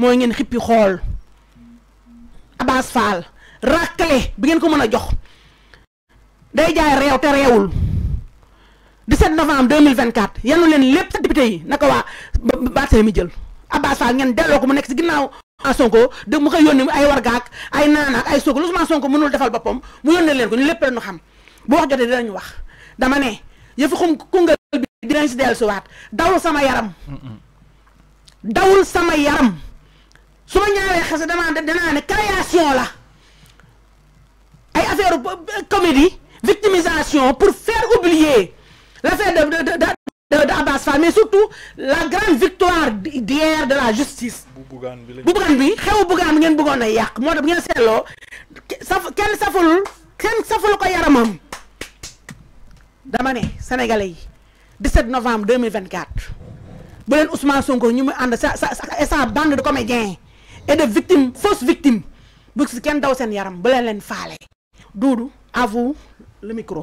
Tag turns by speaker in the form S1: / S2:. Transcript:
S1: mooy ngeen xippi xool Abass Fall rakkale bi ngeen ko mën a jox day jaay réew te réewul 17 novembre 2024 yanu leen lépp sa député yi naka waa Barthélemy mi jël Abass Fall ngeen delloo ko mu nekk si ginnaaw Sonko de mu koy yónni ay wargaak ay naanaak ay soog lu Ousmane Sonko mënul defal boppam mu yónnee leen ko ñu lépp lañu xam boo wax jotee dinañu wax dama ne yëfu xum kungal bi dinañ si dellu dellusiwaat dawul sama yaram dawul sama yaram xase damaa ne de la création la ay affaire comédie victimisation pour faire oublier l'affaire de de de de Abbas mais surtout la grande victoire d'hier de la justice. bu bi bu bugaan bi xewu bugaan dit. ngeen bëggoon a yàq moo bu ngeen seetloo Quel saful quel saful ko yaramam dama né sénégalais yi 17 novembre 2024 bu len Ousmane Sonko ñu mu ànd sa sa sa bande de comédiens. et de victimes fausses victimes si kenn daw seen yaram bu leen leen faale Doudou à vous le micro.